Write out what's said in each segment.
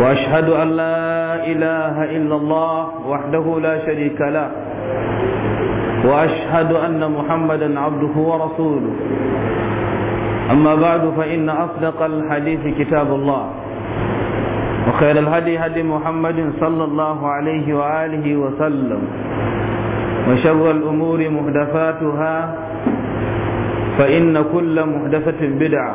وأشهد أن لا إله إلا الله وحده لا شريك له وأشهد أن محمدا عبده ورسوله أما بعد فإن أصدق الحديث كتاب الله وخير الهدي هدي محمد صلى الله عليه وآله وسلم وشر الأمور محدثاتها فإن كل محدثة بدعة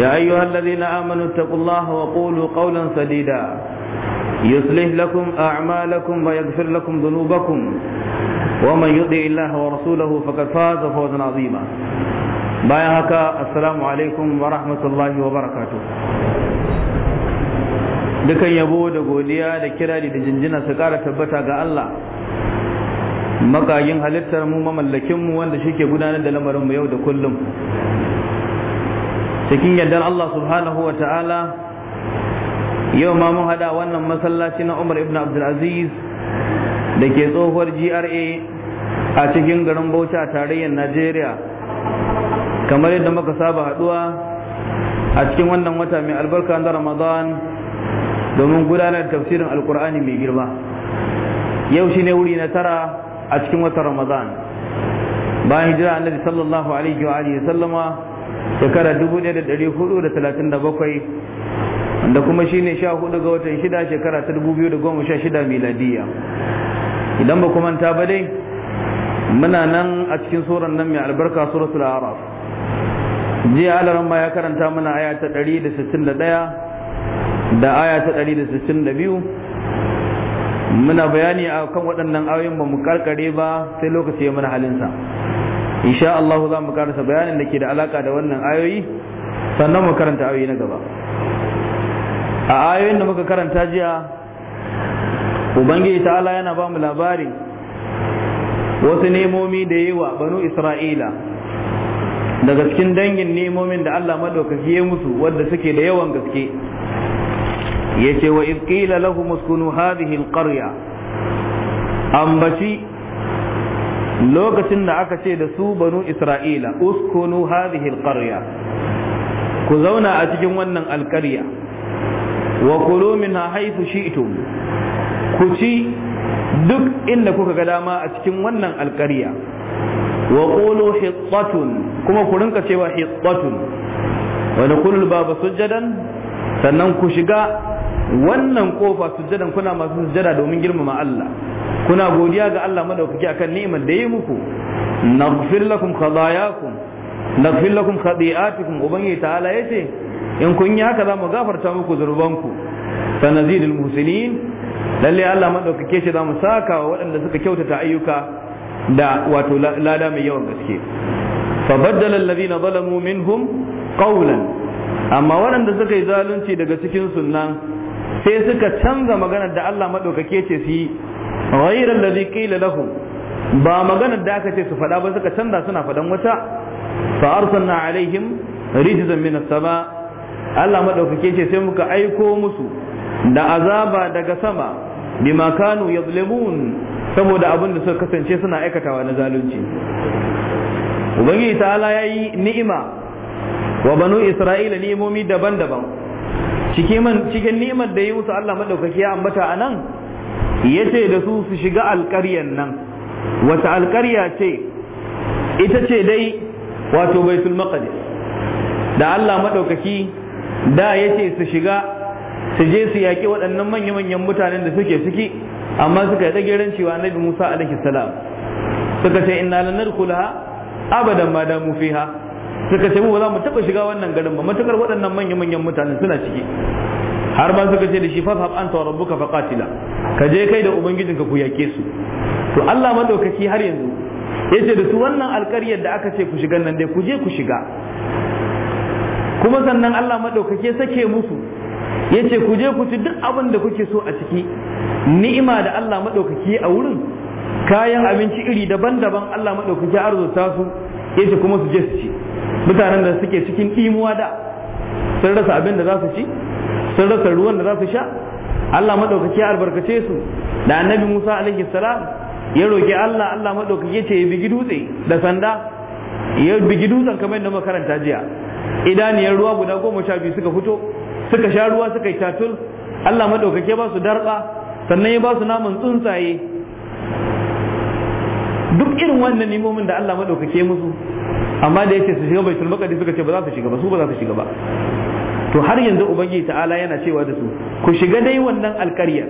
يا أيها الذين آمنوا اتقوا الله وقولوا قولا سديدا يصلح لكم أعمالكم ويغفر لكم ذنوبكم ومن يطع الله ورسوله فقد فاز فوزا عظيما بايعك السلام عليكم ورحمة الله وبركاته dukan yabo da godiya da kirari da jinjina su kara tabbata ga Allah makagin halittar mu mamallakin mu wanda shike gudanar da lamarin mu yau da kullum cikin yardar Allah subhanahu wa ta'ala yau ma mun hada wannan masallaci na Umar ibn Abdulaziz da ke tsohuwar GRA a cikin garin Bauchi a tarayyar Najeriya kamar yadda muka saba haduwa a cikin wannan wata mai albarka na Ramadan domin gudanar tafsirin Alkur'ani mai girma yau shine wuri na tara a cikin watan Ramadan bayan hijira Annabi sallallahu alaihi wa alihi sallama shekara 1437 da kuma shine 14 ga watan 6 shekara 2016 miladiya idan ba kuma ta ba dai muna nan a cikin suran nan mai albarka suratul araf jiya alaran ma ya karanta mana aya ta 161 da aya ta 162 muna bayani a kan waɗannan ayoyin ba mu karkare ba sai lokaci ya mana halinsa insha Allah za mu karasa bayanin da ke da alaka da wannan ayoyi sannan mu karanta ayoyi na gaba a ayoyin da muka karanta jiya ubangiji ta'ala yana ba mu labari wasu nemomi da yi wa banu isra'ila daga cikin dangin nemomin da Allah madaukaki ya musu wadda suke da yawan gaske ce wa iz qila lahum uskunu hadhihi ambaci lokacin da aka ce da su banu isra'ila uskunu hadhihi alqarya ku zauna a cikin wannan alqarya wa kulu minha haythu shi'tum ku ci duk inda kuka ga dama a cikin wannan alqarya wa qulu kuma ku rinka cewa hittatun wa nakulu baba sujadan sannan ku shiga wannan kofa sujadan kuna masu sujada domin girmama Allah kuna godiya ga Allah madaukaki akan ni'imar da ya muku naghfir lakum khatayakum naghfir lakum khati'atikum ubangi ta'ala yace in kun yi haka zamu gafarta muku zurbanku sanazidul muhsinin lalle Allah madaukake shi zamu saka wa waɗanda suka kyautata ayyuka da wato lada mai yawan gaske fa baddala alladhina zalamu minhum qawlan amma waɗanda suka yi zalunci daga cikin sunnan sai suka canza maganar da Allah madaukake ce su yi ghairar da zai kila lahu ba maganar da aka ce su faɗa ba suka canza suna faɗan wata fa arsalna alaihim rijzan min as-sama Allah madaukake ce sai muka aiko musu da azaba daga sama bima kanu saboda abin da suka kasance suna aikatawa na zalunci ubangiji ta'ala yayi ni'ima wa banu isra'ila ni'imomi daban-daban cikin ni'imar da ya yi musu Allah madaukake ya ambata anan yace da su su shiga alƙaryan nan wata alƙarya ce ita ce dai wato baitul maqdis da Allah madaukaki da yace su shiga su je su yaƙi waɗannan manya-manyan mutanen da suke ciki amma suka yi ɗageren cewa annabi Musa alaihi salam suka ce inna lan nadkhulaha abadan ma damu fiha suka ce mu ba za mu taɓa shiga wannan garin ba matukar waɗannan manya-manyan mutanen suna ciki har ma suka ce da shi fafhab anta wa rabbuka faqatila ka je kai da ubangijinka ku yake su to Allah madaukaki har yanzu yace da su wannan alƙaryar da aka ce ku shiga nan dai ku je ku shiga kuma sannan Allah madaukaki sake musu yace ku je ku ci duk abin da kuke so a ciki ni'ima da Allah madaukaki a wurin kayan abinci iri daban-daban Allah madaukaki arzuta su yace kuma su je su ci mutanen da suke cikin imuwa da sun rasa abin da za su ci sun rasa ruwan da za su sha Allah maɗaukaki ya albarkace su da annabi Musa alaihi salam ya roki Allah Allah maɗaukaki ce ya bigi dutse da sanda ya bigi dutsen kamar yadda makaranta jiya idaniyar ruwa guda goma sha biyu suka fito suka sha ruwa suka yi tatul Allah maɗaukaki ya ba su darɓa sannan ya ba su naman tsuntsaye duk irin wannan nimomin da Allah maɗaukaki ya musu amma da yake su shiga baitul maqdis suka ce ba za su shiga ba su ba za su shiga ba to har yanzu ubangiji ta'ala yana cewa da su ku shiga dai wannan alkaryar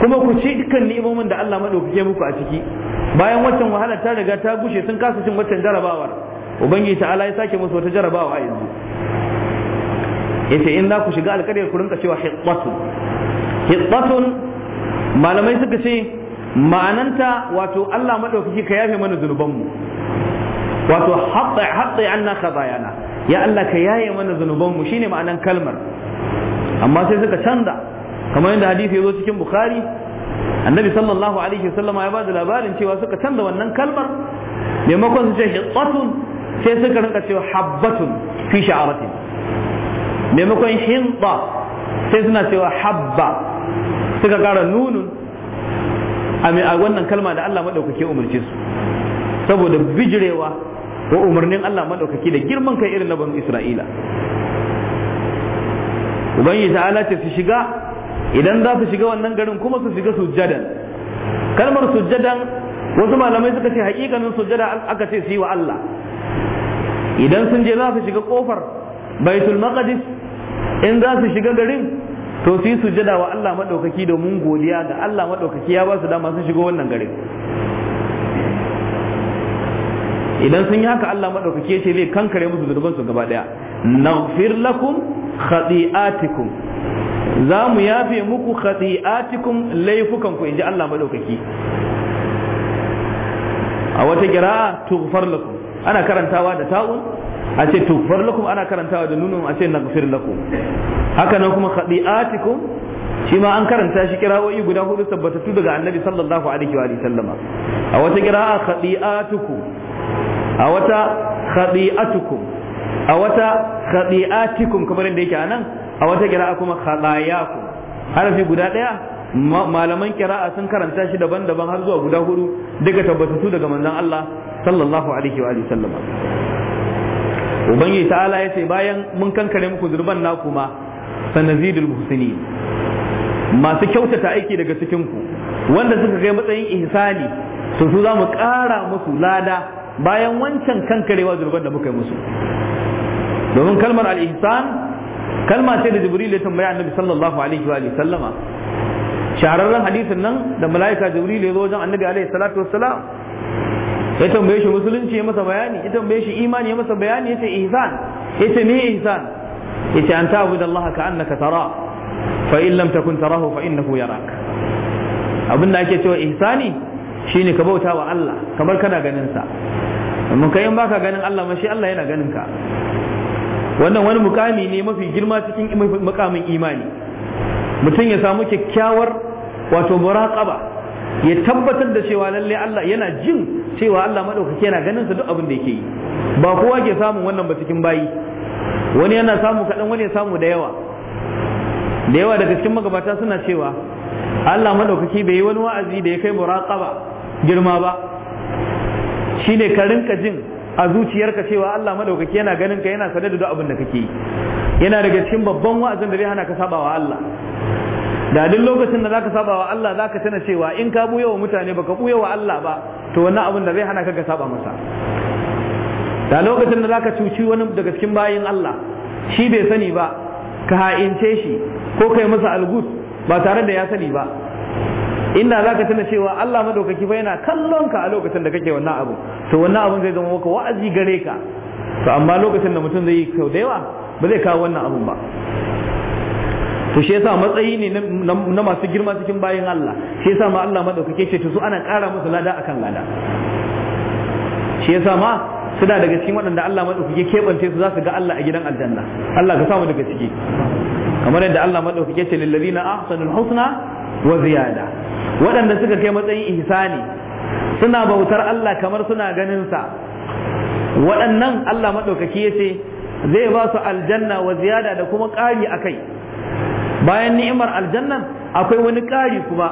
kuma ku ci dukkan ni'imomin da Allah madaukake muku a ciki bayan waccan wahala ta riga ta gushe sun kasa cin waccan jarabawar ubangiji ta'ala ya sake musu wata jarabawa a yanzu yace in za ku shiga alkaryar ku rinka cewa hiqqatun hiqqatun malamai suka ce ma'ananta wato Allah madaukake ka yafe mana zunubanmu wato hatta hatta anna khabayana ya Allah ka yaye mana zunubanmu shine ma'anan kalmar amma sai suka canza kamar yadda hadisi ya zo cikin bukhari annabi sallallahu alaihi wasallam ya bada labarin cewa suka canza wannan kalmar maimakon su ce hiqatun sai suka rinka cewa habbatun fi sha'arati. maimakon hinta sai suna cewa habba suka kara nunun a wannan kalma da Allah madaukake umarce su saboda bijirewa ko umarnin Allah madaukaki da girman kai irin na ban Isra'ila ubangiji ta'ala ce su shiga idan za su shiga wannan garin kuma su shiga sujjadan kalmar sujjadan wasu malamai suka ce hakikanin sujjada aka ce su yi wa Allah idan sun je za su shiga kofar baitul maqdis in za su shiga garin to su yi sujjada wa Allah madaukaki domin godiya ga Allah maɗaukaki ya ba su dama su shiga wannan garin idan sun yi haka Allah madaukake ce zai kankare musu zunuban su gaba daya naghfir lakum khati'atikum za mu yafe muku khati'atikum laifukan ku inji Allah madaukaki a wata kira'a tughfar lakum ana karantawa da ta'un a ce tughfar lakum ana karantawa da nunun a ce naghfir lakum haka nan kuma khati'atikum shi ma an karanta shi kira'o'i guda hudu tabbatattu daga annabi sallallahu alaihi wa sallama a wata kira'a khati'atukum a wata khadi'atukum a wata khadi'atikum kamar yadda yake anan a wata kira'a kuma khadayakum harafi guda daya malaman kira'a sun karanta shi daban-daban har zuwa guda hudu daga tabbatattu daga manzon Allah sallallahu alaihi wa alihi sallama ubangiji ta'ala ya ce bayan mun kankare muku zurban naku ma sanazidul muhsini masu kyautata aiki daga cikin ku wanda suka kai matsayin ihsani to su za mu ƙara musu lada bayan wancan kankarewa zunuban da muka yi musu domin kalmar al-ihsan kalma ce da jibril ya tambaya annabi sallallahu alaihi wa sallama shahararren hadisin nan da mala'ika jibril ya zo wajen annabi alaihi salatu wassalam ya tambaye shi musulunci ya masa bayani ya tambaye shi imani ya masa bayani ya ce ihsan ya ce me ihsan ya ce an ta'budu allaha ka annaka tara fa in lam takun tarahu fa innahu yarak abin da ake cewa ihsani Shi ne ka bauta wa Allah kamar kana ganin sa amma kai in baka ganin Allah ma shi Allah yana ganin ka wannan wani mukami ne mafi girma cikin mukamin imani mutum ya samu kyakkyawar wato muraqaba ya tabbatar da cewa lalle Allah yana jin cewa Allah maɗaukaki yana ganin sa duk abin da yake yi ba kowa ke samun wannan ba cikin bayi wani yana samu kaɗan wani ya samu da yawa da yawa daga cikin magabata suna cewa Allah maɗaukaki bai yi wani wa'azi da ya kai muraqaba girma ba shi shine ka rinka jin a zuciyarka cewa Allah madaukaki yana ganin ka yana sanar da duk abin da kake yi yana daga cikin babban wa'azin da zai hana ka sabawa Allah da duk lokacin da zaka saba wa Allah zaka tana cewa in ka buya wa mutane baka buya wa Allah ba to wannan abin da zai hana ka ga saba masa da lokacin da zaka cuci wani daga cikin bayin Allah shi bai sani ba ka ha'ince shi ko kai masa algut ba tare da ya sani ba inda za ka tuna cewa Allah madaukaki fa yana kallon ka a lokacin da kake wannan abu to wannan abun zai zama maka wa'azi gare ka to amma lokacin da mutum zai yi kau da yawa ba zai kawo wannan abun ba to shi yasa matsayi ne na masu girma cikin bayan Allah shi yasa ma Allah madaukake ce to su ana ƙara musu lada akan lada shi yasa ma suna daga cikin waɗanda Allah madaukake keɓance su za su ga Allah a gidan aljanna Allah ka samu daga ciki kamar yadda Allah madaukake ce lillazina ahsanul husna wa ziyada waɗanda suka kai matsayin ihsani suna bautar Allah kamar suna ganin sa waɗannan Allah maɗaukaki ya ce zai ba su aljanna wa ziyada da kuma ƙari a kai bayan ni'imar aljannan akwai wani ƙari kuma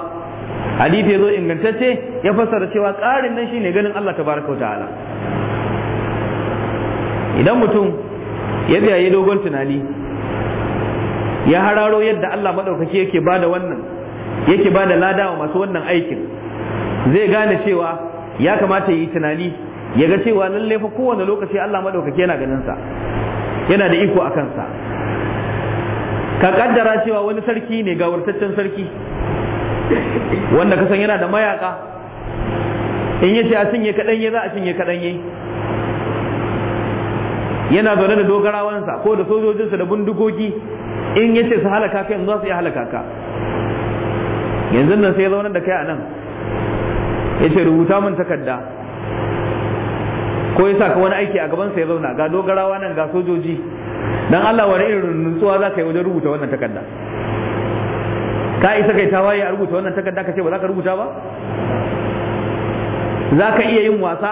hadisi zo ingantacce ya fassara cewa ƙarin nan shine ganin Allah tabaraka ta'ala idan mutum ya tsaya dogon tunani ya hararo yadda Allah maɗaukaki yake bada wannan yake ba da lada wa masu wannan aikin zai gane cewa ya kamata yi tunani ya ga cewa lalle fa kowane lokaci Allah madaukake yana ganin sa yana da iko akan sa ka kaddara cewa wani sarki ne ga wurtaccen sarki wanda kasan yana da mayaka in yace a cinye kaɗanye za a cinye kaɗanye, yana zaune da dogarawansa ko da sojojinsa da bindigogi in yace su halaka kai in za su iya halaka ka yanzu nan sai ya zaunar da kai a nan ya ce rubuta min takarda ko ya sa ka wani aiki a gaban sa ya zauna ga dogarawa nan ga sojoji dan Allah wani irin nutsuwa za ka yi wajen rubuta wannan takarda ka isa kai tawaye a rubuta wannan takarda ka ce ba za ka rubuta ba za ka iya yin wasa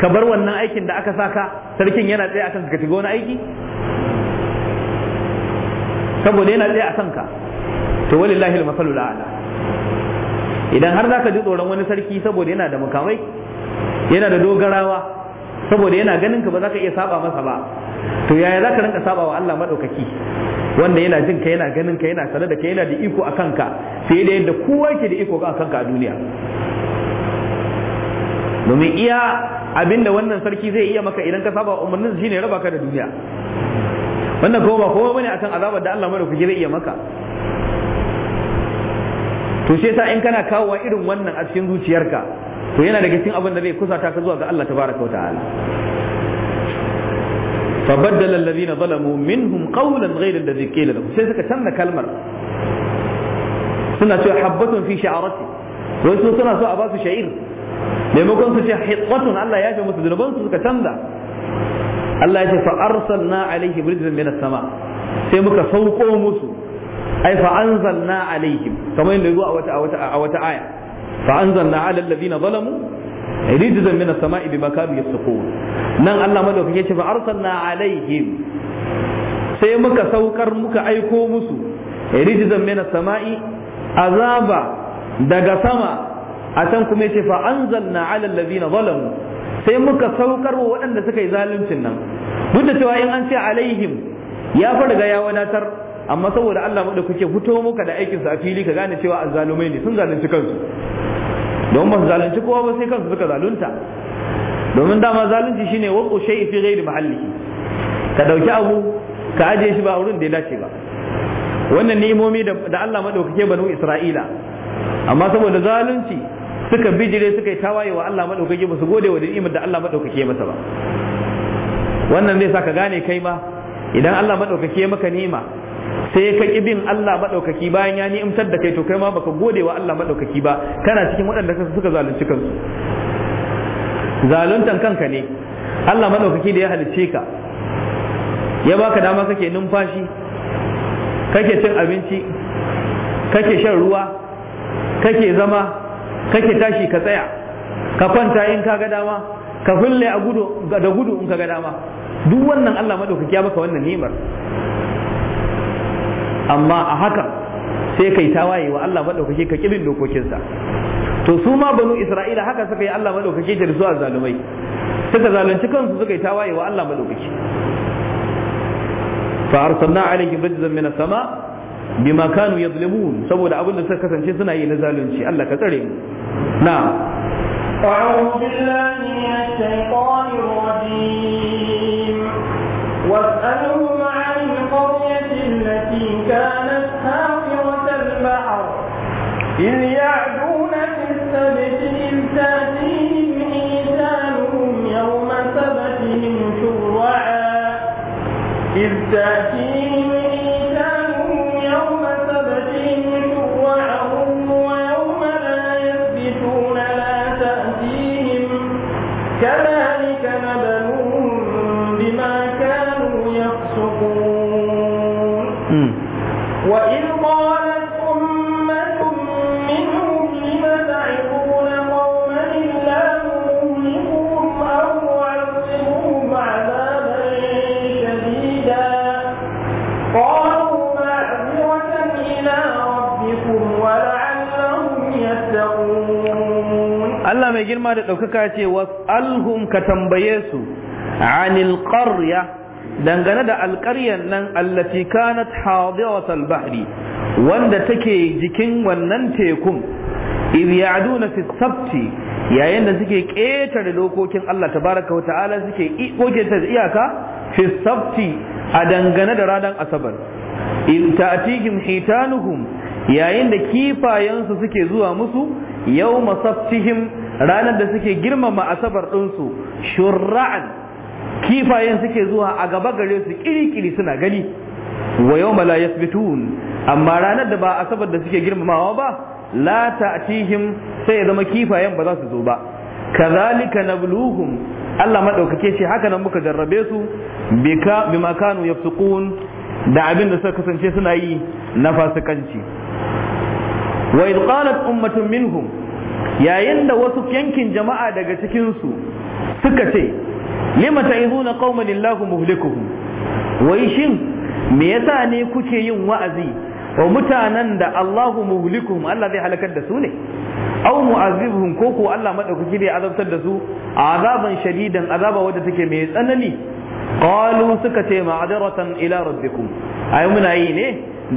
ka bar wannan aikin da aka saka sarkin yana tsaye akan ka shiga wani aiki saboda yana tsaye a kanka to walillahi al-masalul a'la idan har za ka ji tsoron wani sarki saboda yana da mukamai yana da dogarawa saboda yana ganin ka ba za ka iya saba masa ba to yaya za ka rinka saba wa Allah maɗaukaki wanda yana jin ka yana ganin ka yana sanar da ka yana da iko a kanka sai da yadda kowa yake da iko a kanka a duniya domin iya abinda wannan sarki zai iya maka idan ka saba umarnin shine raba ka da duniya wannan kuma ba kowa bane akan azabar da Allah maɗaukaki zai iya maka to shi yasa in kana kawowa irin wannan a cikin zuciyarka to yana daga cikin abin da zai kusata ka zuwa ga Allah tabaraka wa ta'ala فبدل الذين ظلموا منهم قولا غير الذي قيل لهم sai suka canza kalmar suna cewa habbatun fi sha'arati wai su suna so a basu sha'ir maimakon su ce hitwatun Allah ya fi musu zunuban su suka canza Allah ya ce fa arsalna alaihim rijzan min as-sama sai muka sauko musu ai fa anzalna alaihim kamar yadda zuwa a wata aya fa anzalna ala alladhina zalamu rijzan min samai bima kanu yafsukun nan Allah madaukakin yace fa arsalna alaihim sai muka saukar muka aiko musu rijzan min samai azaba daga sama a can kuma yace fa anzalna ala alladhina zalamu sai muka saukar wa waɗanda suka yi zaluncin nan duk da in an ce alaihim ya fa amma saboda Allah mu da kuke fito muka da aikin sa a fili ka gane cewa azzalumai ne sun zalunci kansu don ba zalunci kowa ba sai kansu suka zalunta domin dama zalunci shine waqu shay fi ghairi mahallihi ka dauki abu ka aje shi ba wurin da ya dace ba wannan ni'imomi da Allah madaukake banu Isra'ila amma saboda zalunci suka bijire suka yi tawaye wa Allah madaukake ba su gode wa ni'imar da Allah madaukake masa ba wannan zai sa ka gane kai ma idan Allah madaukake maka ni'ima sai ka ƙi bin Allah madaukaki bayan ya ni'imtar da kai to kai ma baka gode wa Allah madaukaki ba kana cikin waɗanda suka zalunci kansu zaluntan kanka ne Allah madaukaki da ya halicce ka ya baka dama kake numfashi kake cin abinci kake shan ruwa kake zama kake tashi ka tsaya ka kwanta in ka ga dama ka hulle a gudu da gudu in ka ga dama duk wannan Allah maɗaukaki ya baka wannan ni'imar amma a haka sai kai tawaye wa Allah madaukake ka ƙirin dokokinsa to su ma banu isra'ila haka suka yi Allah madaukake da su zalumai suka zalunci kansu suka yi tawaye wa Allah madaukake fa arsalna alaihim rajzan min as-sama bima kanu yadhlimun saboda abin da suka kasance suna yi na zalunci Allah ka tsare mu na أعوذ بالله من الشيطان الرجيم واسألوا كانت هاطرة البحر إذ يعدون في السبت إذ تأتيهم حيتانهم يوم سبتهم شرعا إذ تأتيهم girma da ɗaukaka ce was'alhum ka tambaye su anil qarya dangane da alƙaryar nan allati kanat hadirat al-bahri wanda take jikin wannan tekun idh ya'duna fi sabti yayin da suke ƙetare dokokin Allah tabaraka wa ta'ala suke goge ta iyaka fi sabti a dangane da ranar asabar in ta'tihim hitanuhum yayin da kifayensu suke zuwa musu yawma sabtihim ranar da suke girmama asabar ɗinsu shurra'an kifayen suke zuwa a gaba gare su kirikiri suna gani wa yawma la bitun amma ranar da ba asabar da suke girmamawa ba la ta'tihim sai ya zama kifayen ba za su zo ba kazalika buluhun Allah maɗaukake shi haka nan muka jarrabe su bimakanu makanu ya da abin da suka kasance suna yi na fasikanci wa idh qalat ummatun minhum yayin da wasu yankin jama'a daga cikinsu suka ce lima ta'izuna qauman illahu muhlikuhum wai shin me yasa ne kuke yin wa'azi wa mutanen da Allahu muhlikuhum Allah zai halakar da su ne Au mu'azibuhum ko ko Allah madaukaki zai azabtar da su azaban shadidan azaba wadda take mai tsanani qalu suka ce ma'adaratan ila rabbikum ai muna yi ne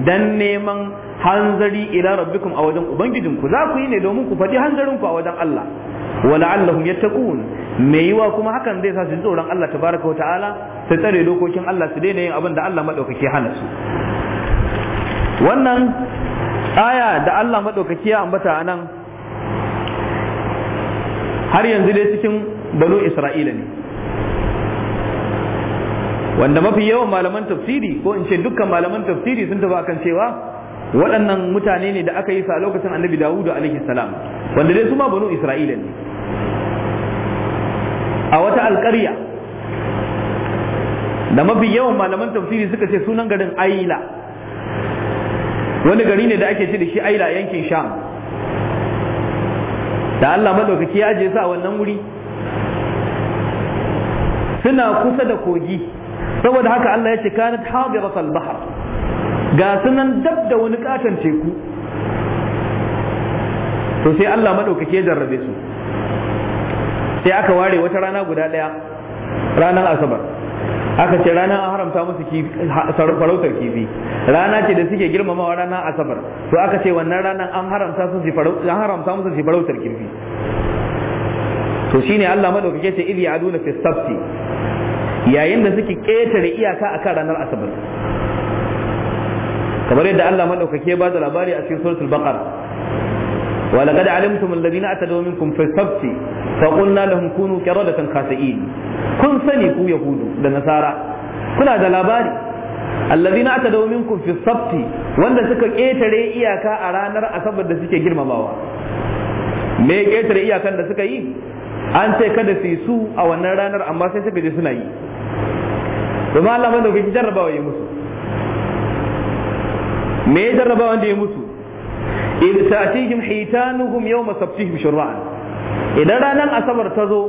dan neman hanzari ila rabbikum a wajen ku za ku yi ne domin ku faɗi hanzarinku a wajen Allah wa la'allahum yattaqun me yiwa kuma hakan zai sa su ji tsoron Allah tabaraka wa ta'ala su tsare dokokin Allah su daina yin abin da Allah madaukake hana su wannan aya da Allah madaukake ya ambata anan har yanzu dai cikin banu Isra'ila ne wanda mafi yawan malaman tafsiri ko in ce dukkan malaman tafsiri sun tafi akan cewa waɗannan mutane ne da aka yi sa lokacin annabi dawudu alaihi salam wanda dai su ma banu isra'ila ne a wata alƙarya da mafi yawan malaman tafsiri suka ce sunan garin aila wani gari ne da ake ce da shi aila yankin sham da allah maɗaukaki ya je sa wannan wuri suna kusa da kogi saboda haka allah ya ce kanat hadiratul bahar ga sunan dab da wani katon teku to sai Allah maɗaukake ya jarrabe su sai aka ware wata rana guda ɗaya ranar asabar aka ce rana an haramta musu farautar kifi rana ce da suke girmamawa rana asabar to aka ce wannan ranar an haramta musu farautar kifi to shine Allah madaukake ce idh aduna fi sabti yayin da suke ketare iyaka akan ranar asabar kamar yadda Allah madaukake ba da labari a cikin suratul baqara ولقد علمتم الذين اعتدوا منكم في السبت فقلنا لهم كونوا كردة خاسئين كن سني كو يهود نصارى كنا ذا لاباري الذين اعتدوا منكم في السبت wanda suka ƙetare iyaka a ranar asabar da suke girmamawa me ƙetare iyakan da suka yi an ce kada su yi su a wannan ranar amma sai suka je suna yi domin Allah mai dauki jarrabawa yi musu me jarrabawan da ya mutu in tatihim hitanuhum yawma sabtihim shur'an idan ranar asabar ta zo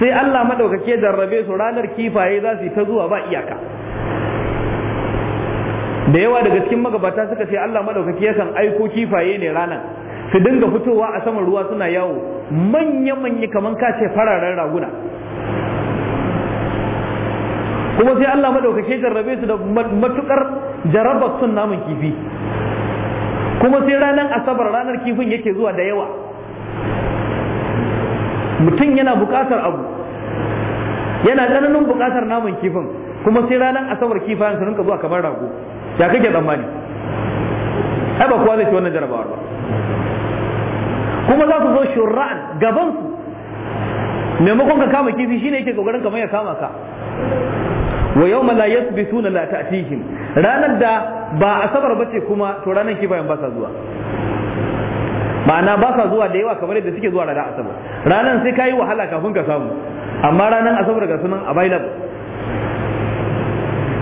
sai Allah madaukake jarrabe su ranar kifaye za su ta zuwa ba iyaka da yawa daga cikin magabata suka ce Allah madaukake yakan aiko kifaye ne ranar su dinga fitowa a saman ruwa suna yawo manya-manya kaman kace fararen raguna kuma sai Allah madaukake jarrabe su da matukar jarabar sun namun kifi kuma sai ranar asabar ranar kifin yake zuwa da yawa mutum yana buƙatar abu yana tsananin buƙatar naman kifin kuma sai ranar asabar kifayen su rinka zuwa kamar rago ya kake tsammani ai ba kowa zai ci wannan jarabawar ba kuma za su zo shura'an gaban su maimakon ka kama kifi shine yake kokarin kamar ya kama ka wa yawma la yasbituna la ta'tihim ranar da ba asabar bace kuma to ranar kifayen ba sa zuwa ma'ana ba sa zuwa da yawa kamar yadda suke zuwa ranar asabar ranar sai kayi wahala kafin ka samu amma ranar asabar ga sunan available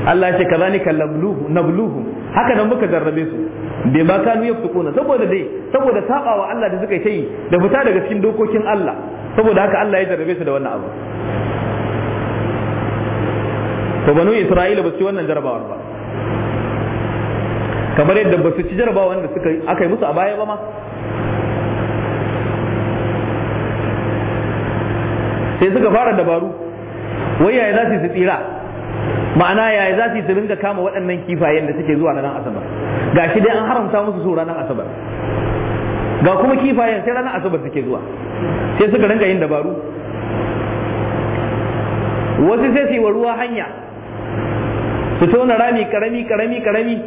Allah ya ce kazalika labluhu nabluhu haka nan muka jarrabe su bai ma kanu yaftukuna saboda dai saboda sabawa Allah da suka yi da fita daga cikin dokokin Allah saboda haka Allah ya jarrabe su da wannan abu to banu isra'ila ba su ci wannan jarabawar ba kamar yadda ba su ci jarabawar da suka aka yi musu a baya ba ma sai suka fara dabaru wai yaya za su yi tsira ma'ana yaya za su yi ringa kama waɗannan kifayen da suke zuwa na nan asabar ga shi dai an haramta musu su ranar asabar ga kuma kifayen sai ranar asabar suke zuwa sai suka ringa yin dabaru wasu sai su yi wa ruwa hanya su tona rami karami karami karami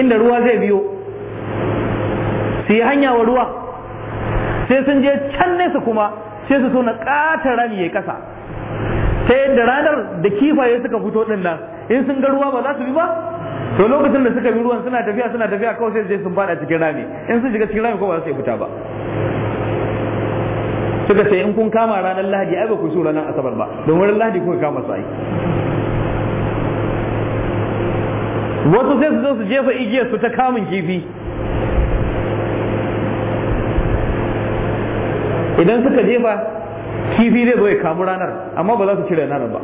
inda ruwa zai biyo su yi hanya wa ruwa sai sun je can nesa kuma sai su tona ƙatar rami ya kasa ta yadda ranar da kifaye suka fito ɗin nan in sun ga ruwa ba za su bi ba to lokacin da suka bi ruwan suna tafiya suna tafiya kawai sai je sun fada cikin rami in sun shiga cikin rami ko ba za su fita ba suka ce in kun kama ranar lahadi ai ba ku so ranar asabar ba domin ranar lahadi kuka kama su ai wasu sai su zo su jefa igiyar su ta kamun kifi idan suka jefa kifi zai zo ya kamu ranar amma ba za su cire ranar ba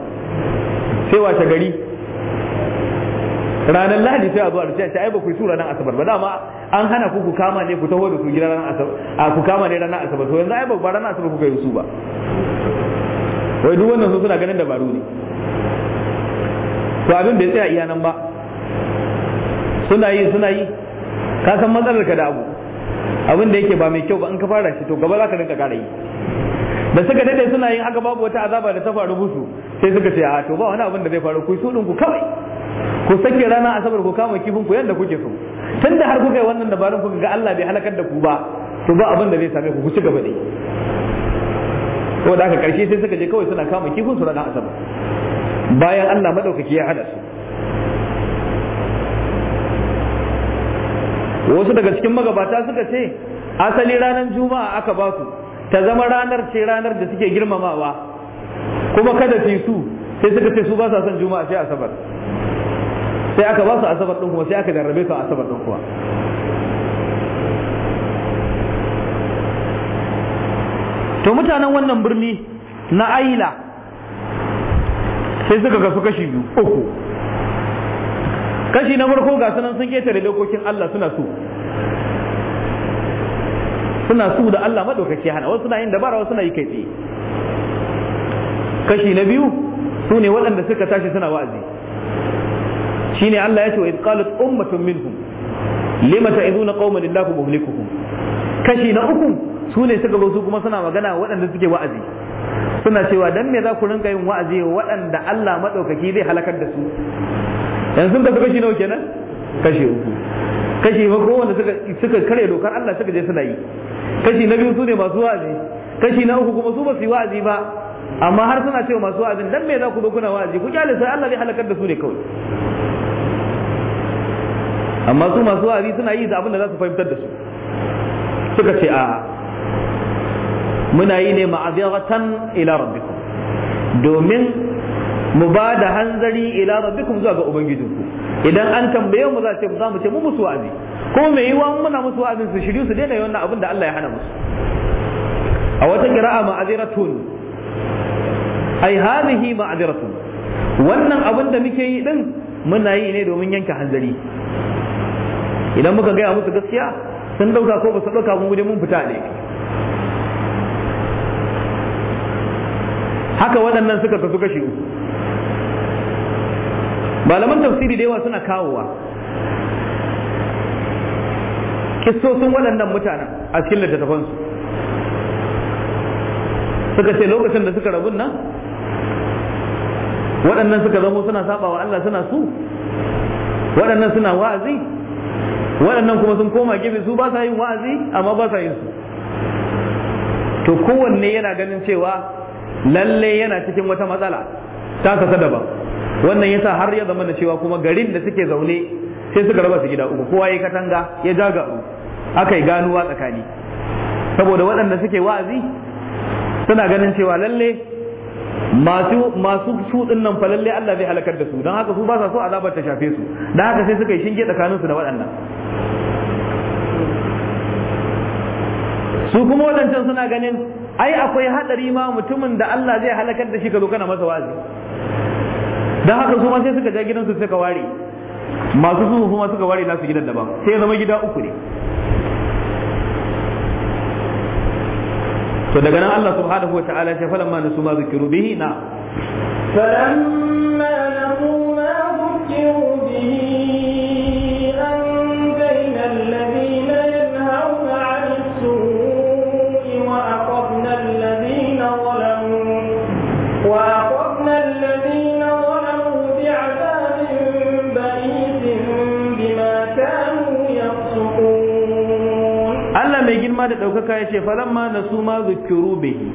sai washe gari ranar lahadi sai a zuwa da ce ai ba ku yi su ranar asabar ba dama an hana ku ku kama ne ku taho da su gida ranar asabar a ku kama ne ranar asabar to yanzu ai ba ranar asabar ku kai su ba wai duk wannan su suna ganin dabaru ne to abin bai tsaya iya nan ba suna yi suna yi ka san matsalar ka da abu abin da yake ba mai kyau ba in ka fara shi to gaba za ka rinka kara yi da suka dade suna yin haka babu wata azaba da ta faru musu sai suka ce a to ba wani abin da zai faru ku yi sudun ku kawai ku sake rana asabar ku kama kifin ku yadda kuke so tunda har kuka yi wannan dabarun kuka ga Allah bai halakar da ku ba to ba abin da zai same ku ku ci gaba da yi saboda haka karshe sai suka je kawai suna kama kifin su ranar asabar bayan Allah madaukaki ya hada su wasu daga cikin magabata suka ce asali ranar juma'a aka ba su ta zama ranar ce ranar da suke girmamawa kuma kada fi su sai suka ce su ba sa son juma'a sai asabar sai aka ba su asabar din kuma sai aka jarrabe su asabar din kuma to mutanen wannan birni na aila sai suka kasu kashi biyu uku kashi na farko ga sunan sun ketare dokokin Allah suna so suna so da Allah madaukaki hana wasu suna yin dabara wasu suna yi kai tsaye kashi na biyu su ne waɗanda suka tashi suna wa'azi shine Allah ya ce wa idh ummatun minhum lima ta'izuna qauman illahu muhlikuhum kashi na uku su ne suka zo su kuma suna magana waɗanda suke wa'azi suna cewa dan me za ku rinka yin wa'azi waɗanda Allah madaukaki zai halakar da su yanzu sun kasu kashi nawa kenan kashi uku kashi ba wanda suka suka kare dokar Allah suka je suna yi kashi na biyu su ne masu wa'azi kashi na uku kuma su ba su yi wa'azi ba amma har suna cewa masu wa'azin dan me za ku zo kuna wa'azi ku kyale sai Allah zai halakar da su ne kawai amma su masu wa'azi suna yi da abin da za su fahimtar da su suka ce a muna yi ne ma'aziratan ila rabbikum domin mu ba da hanzari ila rabbikum zuwa ga ubangijinku idan an tambaye mu za ce za mu ce mu musu wa'azi ko me yiwa muna musu wa'azin su shiryu su daina wannan abin da Allah ya hana musu a wata qira'a ma'aziratun ai hadhihi ma'aziratun wannan abin da muke yi din muna yi ne domin yanka hanzari idan muka gaya musu gaskiya sun dauka ko ba su dauka mun guje mun fita ne haka waɗannan suka tafi kashi uku malaman tafsiri da yawa suna kawowa kistosin waɗannan mutanen a cikin littattafansu suka ce lokacin da suka rabun nan waɗannan suka zamo suna saba wa Allah suna su waɗannan suna wa'azi waɗannan kuma sun koma gefe su ba sa yin wa'azi amma ba sa yin su to kowanne yana ganin cewa lalle yana cikin wata matsala ta kasa daban wannan yasa har ya zama da cewa kuma garin da suke zaune sai suka raba su gida uku kowa ya katanga ya ja garu aka yi ganuwa tsakani saboda waɗanda suke wa'azi suna ganin cewa lalle masu masu su nan fa lalle Allah zai halakar da su don haka su ba sa so azabar ta shafe su don haka sai suka yi shinge tsakanin su da waɗannan su kuma waɗancan suna ganin ai akwai haɗari ma mutumin da Allah zai halakar da shi ka zo kana masa wa'azi dan haka su ma sai suka ja gidansu suka ware masu su kuma suka ware nasu gidan daban sai zama gida uku ne to daga nan Allah subhanahu wa ta'ala ya falamma nasu ma zikiru bihi na falamma nasu ma zikiru bihi girma da ɗaukaka ya ce falamma na su ma zukiru bihi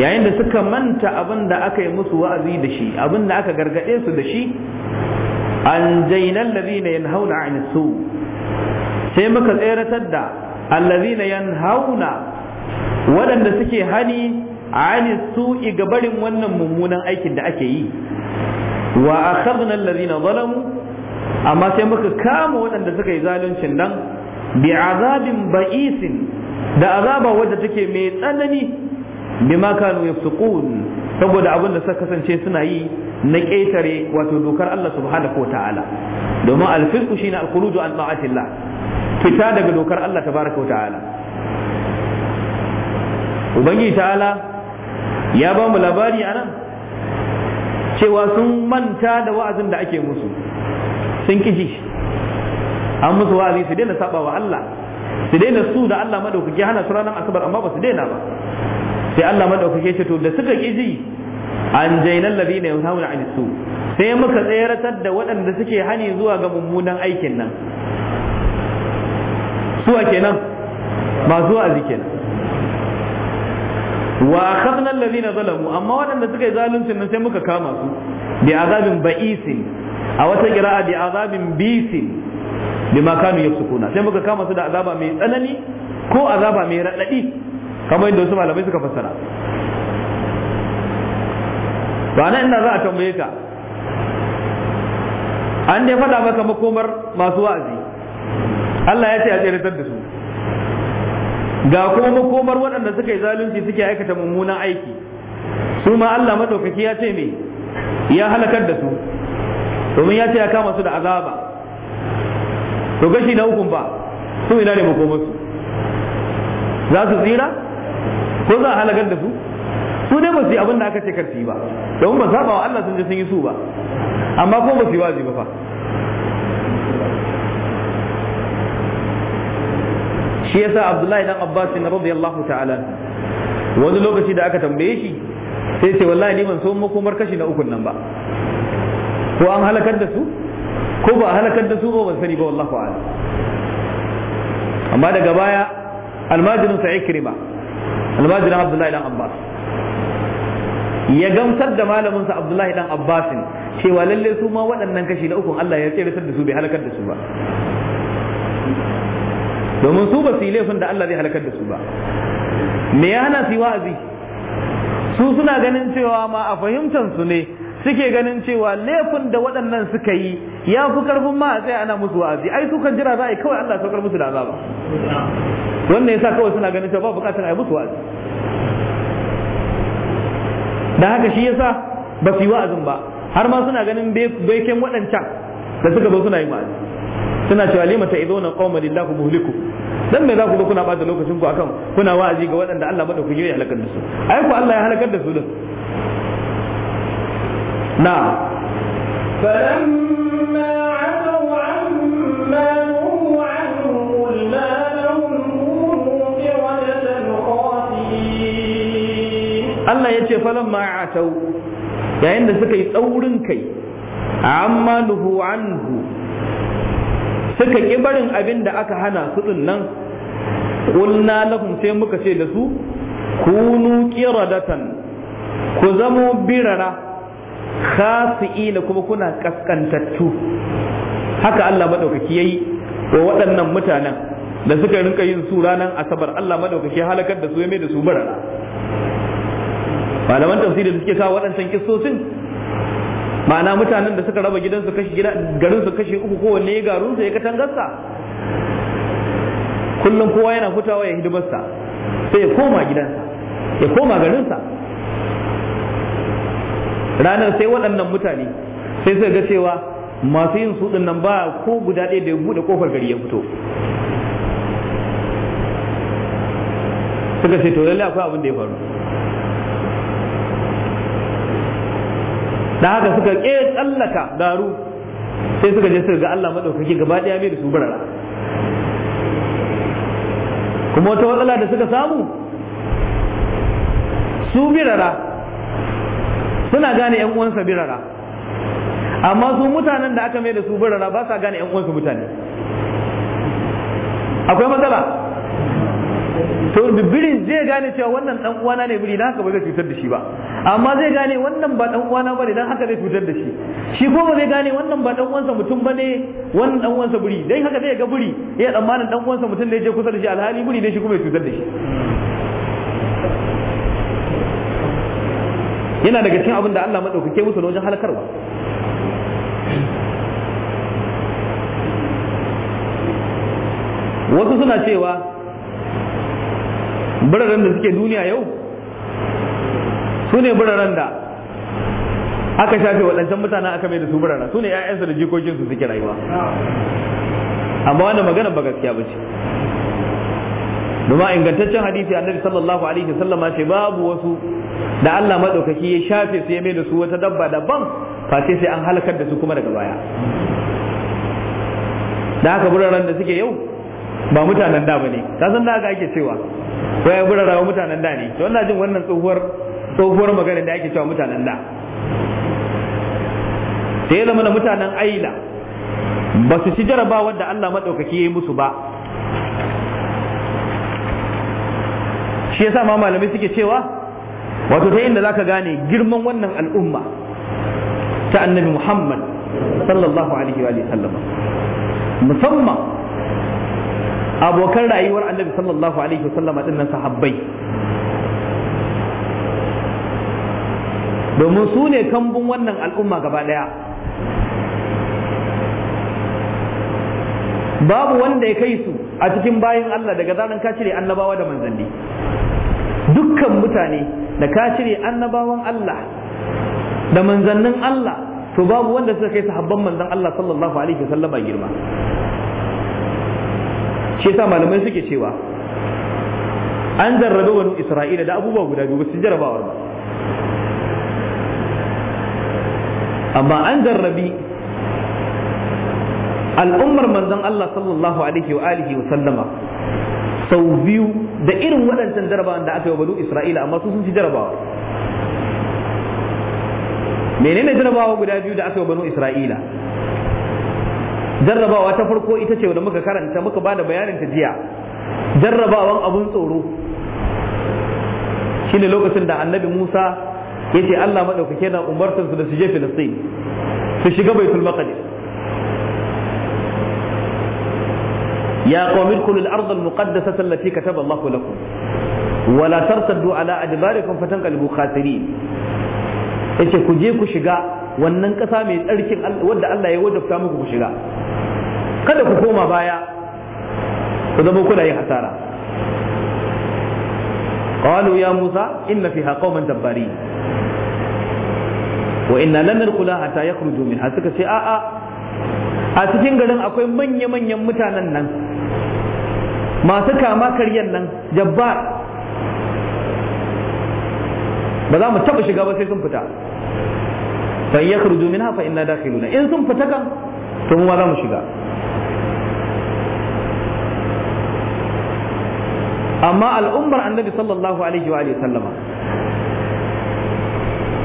yayin da suka manta abin da aka yi musu wa'azi da shi abin da aka gargaɗe su da shi an jainan lalina yan hauna a su sai muka tseratar da allazina yan hauna waɗanda suke hani a su ga barin wannan mummunan aikin da ake yi wa akhadna allazina zalamu amma sai muka kama waɗanda suka yi zaluncin nan bi azabin ba'isin da azaba wadda take mai tsanani bima kanu yafsukun saboda abin da suka kasance suna yi na ƙetare wato dokar Allah subhanahu wataala domin alfisku shine alkhuruju an ta'atillah fita daga dokar Allah tabaraka wataala ubangiji ta'ala ya ba mu labari anan cewa sun manta da wa'azin da ake musu sun shi. an musu wa'azi su daina saba wa Allah su daina su da Allah madaukake hana su ranar asabar amma ba su daina ba sai Allah madaukake ce to da suka ki ji an jainal ladina yanhauna an su sai muka tsayaratar da waɗanda suke hani zuwa ga mummunan aikin nan su a kenan masu a zikin wa akhadna alladhina zalamu amma waɗanda suka yi zalunci nan sai muka kama su bi azabin ba'isin a wata kira'a bi azabin bisin bima kanu yafsukuna sai muka kama su da azaba mai tsanani ko azaba mai radadi kamar yadda wasu malamai suka fassara ba nan ina za a tambaye ka an dai faɗa maka makomar masu wa'azi Allah ya ce a tseratar da su ga kuma makomar waɗanda suka yi zalunci suke aikata mummunan aiki su ma Allah madaukaki ya ce me ya halakar da su domin ya ce ya kama su da azaba to gashi na hukun ba su ina ne su za su tsira ko za a halakar da su su ne ba su yi abin da aka ce karfi ba domin ba saba wa Allah sun je sun yi su ba amma ko ba su yi wajibi ba fa shi yasa Abdullahi dan Abbas radiyallahu ta'ala wani lokaci da aka tambaye shi sai ce wallahi ni ban so makomar kashi na ukun nan ba ko an halakar da su ko ba halakar da su ba ban sani ba wallahu a'lam amma daga baya almajirin sa ikrima almajirin abdullahi dan abbas ya gamsar da malamin sa abdullahi dan abbasin cewa lalle su ma waɗannan kashi na ukun Allah ya tsere da su bai halakar da su ba domin su ba su yi laifin da Allah zai halakar da su ba me ya hana su yi wa'azi su suna ganin cewa ma a fahimtar su ne suke ganin cewa laifin da waɗannan suka yi ya fi karfin ma a tsaye ana musu wa'azi ai sukan jira za a yi kawai Allah saukar musu da azaba wannan ya sa kawai suna ganin cewa ba bukatar a yi musu wa'azi Da haka shi yasa ba su yi wa'azin ba har ma suna ganin baikin waɗancan da suka zo suna yi wa'azi suna cewa lima ta izo na qawma ku muhliku dan me za ku zo kuna ɓata lokacin ku akan kuna wa'azi ga waɗanda Allah ku ya halakar da su ai ku Allah ya halakar da su din نعم فلما عتوا عما نهوا عنه قلنا لهم كونوا قردة خاسئين الله يتي فلما عتوا يعني عند سكي تورن كي amma suka ƙi barin abin da aka hana su ɗin nan ƙulna lahum sai muka ce da su kunu qiradatan ku zamo birara khasi'ina kuma kuna kaskantattu haka Allah madaukaki yayi wa waɗannan mutanen da suka rinka yin su ranar asabar Allah madaukaki halakar da su ya mai da su barana malaman tafsirin suke kawo waɗancan kissosin ma'ana mutanen da suka raba gidansu kashi gida garin su kashi uku kowanne ya garun su ya katangarsa kullum kowa yana fitawa ya hidimarsa sai ya koma gidansa ya koma garinsa ranar sai waɗannan mutane sai suka ga cewa masu yin suɗin nan ba ko guda ɗaya da ya buɗe kofar gari ya fito suka ce to lalle akwai abin da ya faru da haka suka ƙe tsallaka garu sai suka je suka ga Allah maɗaukaki gaba ɗaya mai da su barara kuma wata matsala da suka samu su birara suna gane yan uwansa birara amma su mutanen da aka mai da su birara ba sa gane yan uwansu mutane akwai matsala to birin zai gane cewa wannan dan uwana ne biri dan haka ba zai cutar da shi ba amma zai gane wannan ba dan uwana bane dan haka zai cutar da shi shi ko ba zai gane wannan ba dan uwansa mutum bane wannan dan uwansa biri dan haka zai ga biri ya tsammanin dan uwansa mutum ne je kusa da shi alhali biri ne shi kuma ya cutar da shi yana daga cikin abin da Allah madaukake musu wajen halakarwa wasu suna cewa biraren da suke duniya yau su ne biraren da aka shafe waɗancan mutanen aka mai da su birara su ne 'ya'yansa da jikokinsu suke rayuwa amma wannan magana ba gaskiya ba ce domin ingantaccen hadisi annabi sallallahu alaihi sallama ce babu wasu da Allah madaukaki ya shafe su ya mai da su wata dabba daban face sai an halakar da su kuma daga baya da haka buraren da suke yau ba mutanen da bane ka san da haka ake cewa ko wai wa mutanen da ne to ina jin wannan tsohuwar tsohuwar magana da ake cewa mutanen da sai zama da mutanen aila ba su ci jarabawar da Allah madaukaki ya yi musu ba shi yasa ma malamai suke cewa wato ta inda zaka gane girman wannan al'umma ta annabi Muhammad sallallahu alaihi wa sallam musamman abokan rayuwar annabi sallallahu alaihi wa sallam dinnan sahabbai domin su ne kambun wannan al'umma gaba daya babu wanda ya kai su a cikin bayin Allah daga zanen ka cire annabawa da manzanni dukkan mutane da ka cire annabawan Allah da manzannin Allah to babu wanda suka kai sahabban manzan Allah sallallahu alaihi wasallam girma shi yasa malamai suke cewa an jarrabe wani Isra'ila da abubuwa guda biyu sun jarrabawar ba amma an jarrabi al'ummar manzon Allah sallallahu alaihi wa alihi wa sallama sau biyu da irin waɗancan jarabawan da aka yi wa banu Isra'ila amma su sun ci jarabawa menene jarabawa guda biyu da aka yi wa banu Isra'ila jarrabawa ta farko ita ce da muka karanta muka bada bayanin ta jiya jarrabawan abun tsoro shine lokacin da annabi Musa ce Allah madaukake na umartar su da su je Filistin su shiga Baitul Maqdis ya qaumi kulul ardh al muqaddasah allati kataba Allah lakum wa la tartaddu ala adbarikum fatanqalibu khasirin yace ku je ku shiga wannan kasa mai tsarkin wadda Allah ya wadafta muku ku shiga kada ku koma baya ku zama kuna yin hasara قالوا يا موسى إن فيها قوما جبارين وإنا لن ندخلها حتى يخرجوا منها suka ce a'a a cikin garin akwai manya-manyan mutanen nan masu kama karyan nan jabbar ba za mu taba shiga ba sai sun fita fa in yakhruju minha fa inna dakhiluna in sun fita kan to mu ma za mu shiga amma al'ummar annabi sallallahu alaihi wa sallama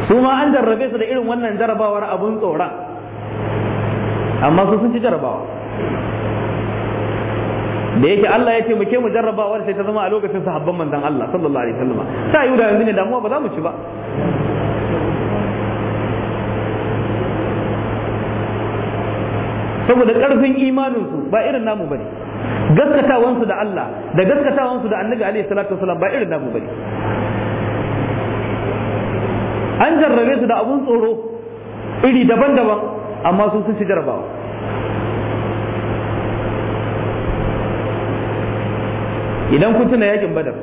su ma an jarrabe su da irin wannan jarabawar abun tsoron amma su sun ci jarabawa da yake Allah ya ce mu ke mu jarrabawar sai ta zama a lokacin sahabban manzon Allah sallallahu alaihi wasallam ta yi da yanzu ne damuwa ba za mu ci ba saboda karfin imaninsu ba irin namu bane gaskatawansu da Allah da gaskatawansu da annabi alaihi salatu wasallam ba irin namu bane an jarrabe su da abun tsoro iri daban-daban amma sun sun ci idan kun tuna yakin badar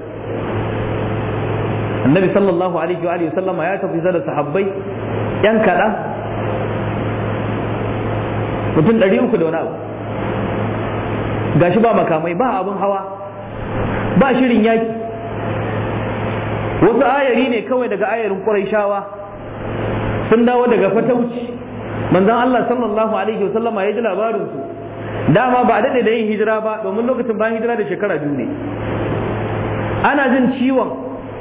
annabi sallallahu alaihi wa sallama ya tafi da sahabbai yan kaɗan mutum ɗari uku da wani abu gashi ba makamai ba abin hawa ba shirin yaki wasu ayari ne kawai daga ayarin ƙuraishawa sun dawo daga fatauci manzon Allah sallallahu alaihi wa sallama ya ji su. dama ba a daɗe da yin hijira ba domin lokacin bayan hijira da shekara biyu ne ana jin ciwon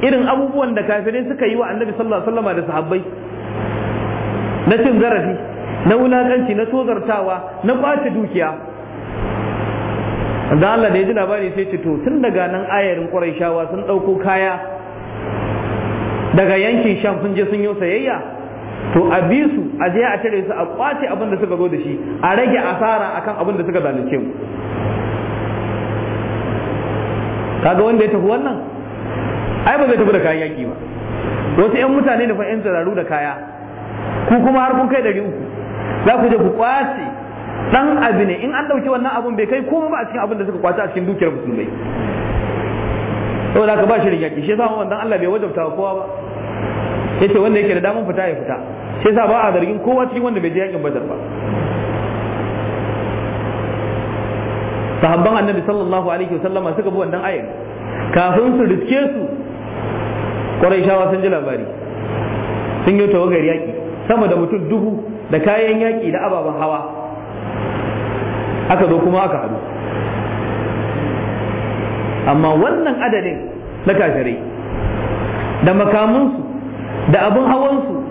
irin abubuwan da kafirin suka yi wa annabi sallallahu alaihi wasallam da sahabbai na cin zarafi na wulakanci na tozartawa na kwace dukiya da Allah da ya ji labari sai ce to tun daga nan ayarin Qurayshawa sun ɗauko kaya daga yankin Sham sun je sun yi sayayya to a bi su a je a cire su a kwace abin da suka zo da shi a rage asara akan abin da suka zalunce mu kaga wanda ya tafi wannan ai ba zai tafi da kayan yaki ba wasu yan mutane da fa yan zararu da kaya ku kuma har kun kai dari uku za ku je ku kwace dan abu ne in an ɗauki wannan abun bai kai komai ba a cikin abin da suka kwace a cikin dukiyar musulmai saboda haka ba shi da yaki shi yasa wannan Allah bai wajabta kowa ba yace wanda yake da daman fita ya fita sai sa ba a zargin kowa cikin wanda bai je yakin badar ba sahabban annabi sallallahu alaihi wasallam suka bi wannan ayin kafin su riske su quraishawa sun ji labari sun yi tawagar yaki sama da mutum dubu da kayan yaki da ababen hawa aka zo kuma aka haɗu amma wannan adadin na kafirai da makamansu da abin hawansu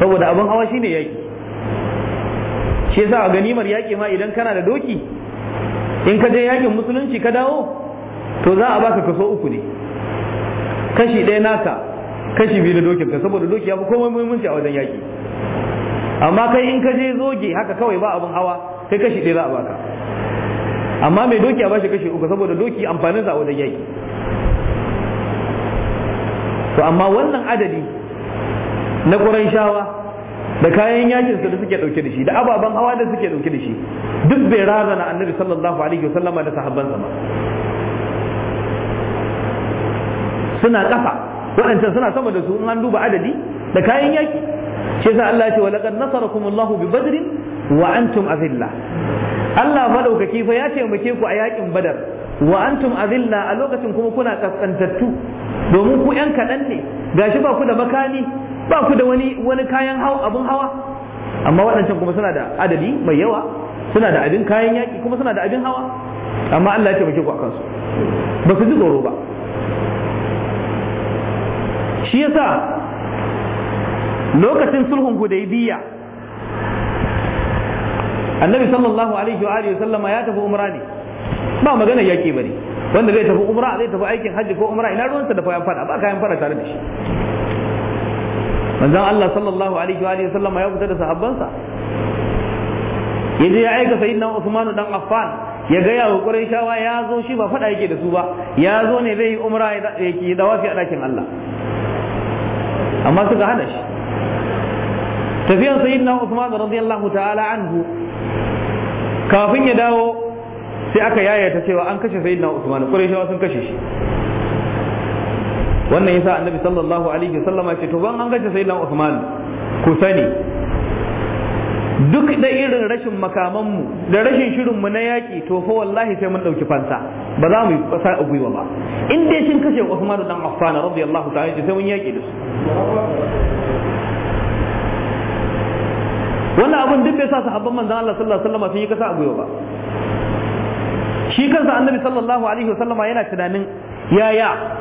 saboda abin hawa shine yaƙi shi yasa a ganimar yaƙi ma idan kana da doki in ka je yaƙin musulunci ka dawo to za a baka kaso uku ne kashi ɗaya naka kashi biyu da dokin ka saboda doki ya fi komai muhimmanci a wajen yaƙi amma kai in ka je zoge haka kawai ba abin hawa kai kashi ɗaya za a baka amma mai doki a bashi kashi uku saboda doki amfaninsa a wajen yaƙi to amma wannan adadi na shawa da kayan yakin da suke ɗauke da shi da ababen hawa da suke ɗauke da shi duk bai razana annabi sallallahu alaihi wasallama da sahabbansa ba suna ƙasa waɗancan suna sama da su in an duba adadi da kayan yaki shi sa Allah ya ce wa laqad nasarakumullahu bi badrin wa antum azilla Allah madaukaki fa ya taimake ku a yakin badar wa antum azilla a lokacin kuma kuna kaskantattu domin ku yan kaɗan ne gashi ba ku da makani ba ku da wani wani kayan hawa abun hawa amma waɗancan kuma suna da adadi mai yawa suna da abin kayan yaƙi kuma suna da abin hawa amma Allah ya taimake ku akan su ba su ji tsoro ba shi yasa lokacin sulhun hudaybiya annabi sallallahu alaihi wa alihi sallama ya tafi umra ne ba magana yaƙi bane wanda zai tafi umra zai tafi aikin hajji ko umra ina ruwansa da fayan fada ba kayan fada tare da shi manzon Allah sallallahu alaihi wa sallam ya fita da sahabbansa yaje ya aika sayyidina Usman dan Affan ya ga ya hukurin shawa ya zo shi ba fada yake da su ba ya zo ne zai yi umra yake wafi a dakin Allah amma suka hana shi tafiyan sayyidina Usman radiyallahu ta'ala anhu kafin ya dawo sai aka yayata cewa an kashe sayyidina Usman Qurayshawa sun kashe shi wannan yasa annabi sallallahu alaihi wasallam ya ce to ban an gace sayyidina Usman ku sani duk da irin rashin makaman mu da rashin shirin mu na yaki to fa wallahi sai mun dauki fansa ba za mu yi fasa a gwiwa ba in dai sun kashe Usman dan Affan radiyallahu ta'ala sai mun yaki da su wannan abun duk bai sa sahabban manzon Allah sallallahu alaihi wasallam sun yi kasa a gwiwa ba shi kansa annabi sallallahu alaihi wasallama yana tunanin yaya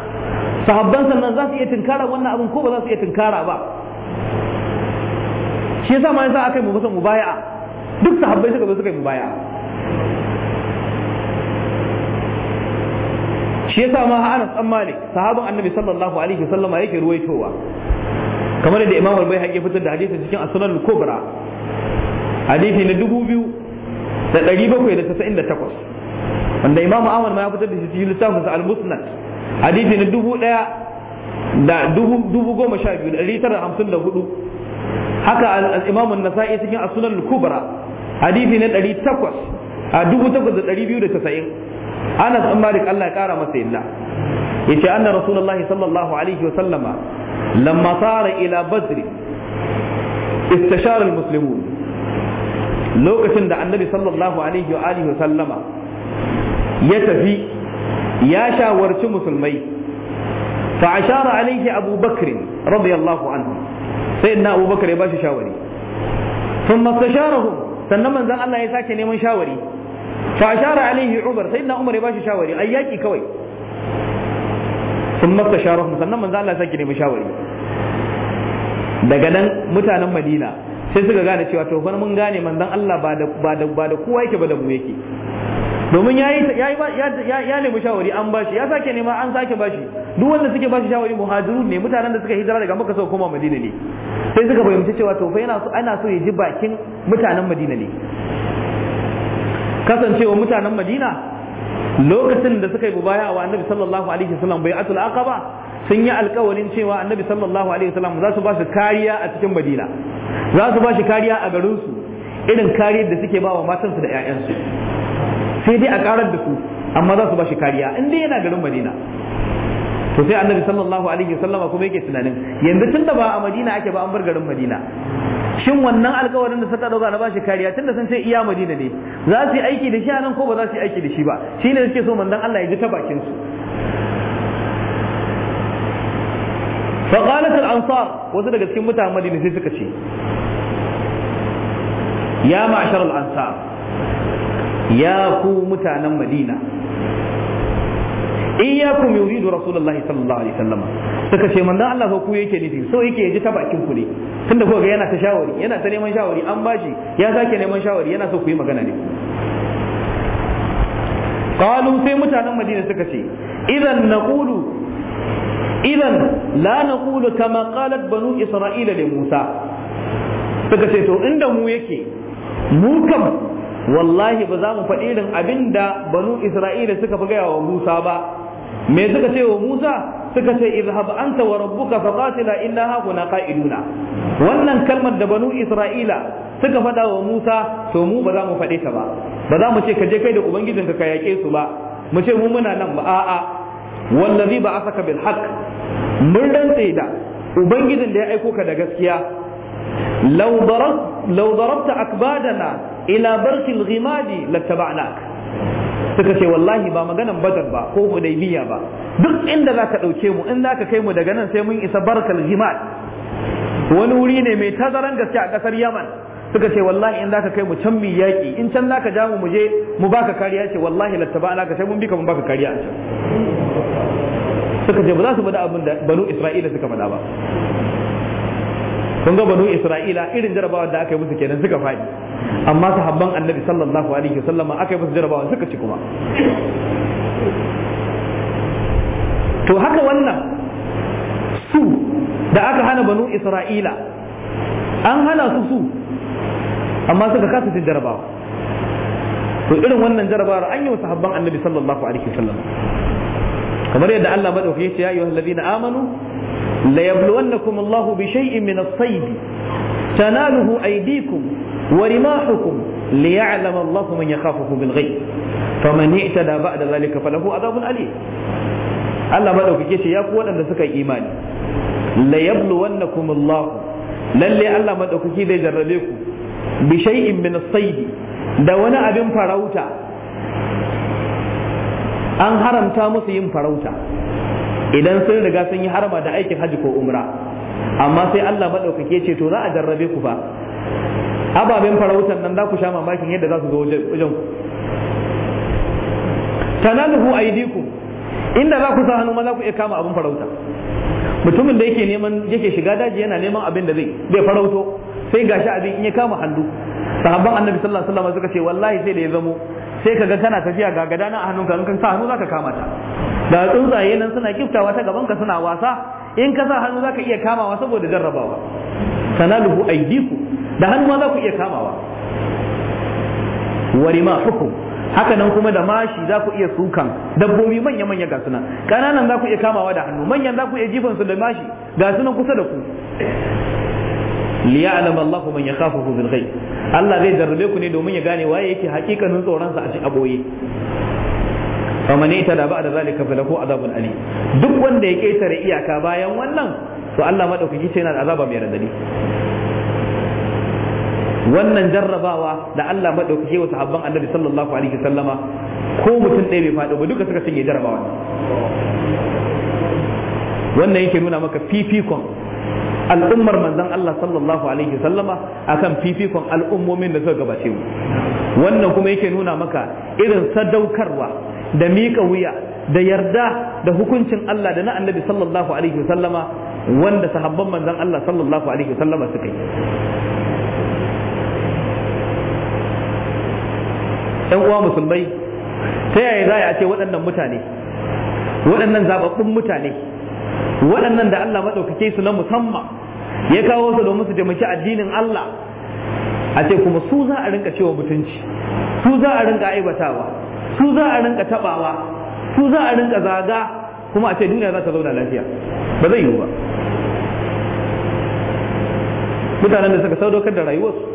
sahabban sannan za su iya tinkara wannan abin ko ba za su iya tinkara ba shi yasa ma yasa aka yi mubasa mubaya'a duk sahabbai suka zo suka yi mubaya'a shi yasa ma Anas dan Malik sahabban Annabi sallallahu alaihi wasallama yake ruwaitowa kamar da Imam bai baihaqi ya fitar da hadisin cikin As-Sunan Al-Kubra hadisi na takwas. wanda imamu Ahmad ma ya fitar da shi cikin littafinsa Al-Musnad hadisi na dubu ɗaya da dubu goma sha biyu ɗari tara hamsin da hudu haka al'imamu nasa'i cikin asunan kubra hadisi na ɗari takwas a dubu takwas da ɗari biyu da tasa'in anas an malik allah ya ƙara masa Ya ce an na rasulullahi sallallahu alaihi wa sallama lamma sara ila badri istasharar almuslimun lokacin da annabi sallallahu alaihi wa alihi wa sallama ya tafi ya shawarci musulmai fa ashara alaihi abu bakr radiyallahu anhu sai na abu bakr ya bashi shawari sun mastasharahu sannan manzon Allah ya sake neman shawari fa ashara alaihi umar sai na umar ya bashi shawari ayyaki kawai sun mastasharahu sannan neman shawari daga nan mutanen Madina sai suka gane cewa to fa mun gane manzon Allah ba da ba da kowa yake ba da mu yake domin ya yi ya nemi shawari an bashi ya sake nema an sake bashi duk wanda suke bashi shawari muhajiru ne mutanen da suka hijira daga maka sau koma madina ne sai suka fahimci cewa to fa yana so ana so ya ji bakin mutanen madina ne kasancewa mutanen madina lokacin da suka yi mubaya wa annabi sallallahu alaihi wasallam bai atul aqaba sun yi alkawarin cewa annabi sallallahu alaihi wasallam za su ba su kariya a cikin madina za su ba shi kariya a garinsu irin kariyar da suke ba wa matansu da 'ya'yansu sai dai a karar da su amma za su ba shi kariya in dai yana garin madina to sai annabi sallallahu alaihi wasallama kuma yake tunanin yanzu tun da ba a madina ake ba an bar garin madina shin wannan alkawarin da suka dauka na shi kariya tun da sun ce iya madina ne za su yi aiki da shi anan ko ba za su yi aiki da shi ba shine suke so manzon Allah ya ji ta bakin su faqalat al-ansar wasu daga cikin mutanen madina sai suka ce ya ma'shar al ya ku mutanen madina iyyakum yuridu rasulullahi sallallahu alaihi wasallam suka ce manzo Allah ko ku yake nufi so yake yaji ta bakin ku ne tunda ko ga yana ta shawari yana ta neman shawari an bashi ya sake neman shawari yana so ku yi magana ne qalu sai mutanen madina suka ce idan naqulu idan la naqulu kama qalat banu isra'ila li musa suka ce to inda mu yake mu wallahi ba za mu faɗi irin abin da banu isra'ila suka fi gaya wa musa ba me suka ce wa musa suka ce izhab anta wa rabbuka fa qatila inna hakuna qa'iduna wannan kalmar da banu isra'ila suka faɗa wa musa to mu ba za mu faɗe ta ba ba za mu ce ka je kai da ubangijinka ka yaƙe su ba mu ce mu muna nan ba a'a wallazi ba asaka bil haqq mun rantse da ubangijin da ya aiko ka da gaskiya law darabta akbadana ila barkil ghimadi lattaba'nak suka ce wallahi ba maganan badar ba ko hudaybiya ba duk inda za ka ɗauke mu in za ka kai mu daga nan sai mun isa barkal ghimad wani wuri ne mai tazaran gaske a ƙasar yaman suka ce wallahi in za ka kai mu can mu yaƙi in can za ka ja mu mu je mu baka kariya ce wallahi lattaba'naka sai mun bika ka mun baka kariya a can suka ce ba za su faɗa abin da banu isra'ila suka faɗa ba kun ga banu isra'ila irin jarabawa da aka yi musu kenan suka faɗi amma sahabban annabi sallallahu alaihi wasallama aka yi basu jarabawa suka ci kuma to haka wannan su da aka hana banu isra'ila an hana su su amma suka kasa cin jarabawa to irin wannan jarabawar an yi wa sahabban annabi sallallahu alaihi wasallam kamar yadda Allah madaukaki ya ce ya ayyuhal ladina amanu la yabluwannakum Allahu bi shay'in min as-sayd tanaluhu aydikum ورماحكم ليعلم الله من يخافه بالغيب فمن اعتدى بعد ذلك فله عذاب أليم Allah madaukake ce ya fi waɗanda suka yi imani la yabluwannakum Allah lalle Allah madaukaki zai jarrabe ku bi shay'in min as-sayd da wani abin farauta an haramta musu yin farauta idan sun riga sun yi harama da aikin haji ko umra amma sai Allah madaukake ce to za a jarrabe ku fa ababen farautan nan za ku sha mamakin yadda za su zo wajen ku tanaluhu aydikum inda za ku sa hannu ma za ku iya kama abin farauta mutumin da yake neman yake shiga daji yana neman abin da zai bai farauto sai gashi abin in ya kama hannu sahabban annabi sallallahu alaihi wasallam suka ce wallahi sai da ya zamo sai kaga kana tafiya ga gadana a hannunka in ka sa hannu zaka kama ta da tsuntsaye nan suna kiftawa ta gaban ka suna wasa in ka sa hannu ka iya kamawa saboda jarrabawa tanaluhu aydikum da hannu ma za ku iya kamawa wari ma hukum haka nan kuma da mashi za ku iya sukan dabbobi manya-manya ga suna ƙananan za ku iya kamawa da hannu manyan za ku iya jifan su da mashi ga suna kusa da ku liya'lam Allah man yakhafuhu bil ghaib Allah zai darbe ku ne domin ya gane waye yake hakikanin tsoron sa a cikin aboye ne ta da da zalika lahu azabun ali duk wanda ya ketare iyaka bayan wannan to Allah madaukaki sai yana da azaba mai radadi wannan jarrabawa da Allah madaukake wa sahabban annabi sallallahu alaihi sallama, ko mutum ɗaya bai faɗo ba duka suka cinye jarrabawa wannan yake nuna maka fifikon al'ummar manzon Allah sallallahu alaihi sallama akan fifikon al'ummomin da suka gabace mu wannan kuma yake nuna maka irin sadaukarwa da miƙa wuya da yarda da hukuncin Allah da na annabi sallallahu alaihi sallama wanda sahabban manzon Allah sallallahu alaihi sallama suka yi yan uwa musulmai ta yaya za a ce waɗannan mutane waɗannan zababbun mutane waɗannan da Allah maɗaukake su na musamman ya kawo su domin su taimaki addinin Allah a ce kuma su za a rinka cewa mutunci su za a rinka aibatawa su za a rinka taɓawa? su za a rinka zaga kuma a ce duniya za ta zauna lafiya ba zai yiwu ba mutanen da suka saudokar da rayuwarsu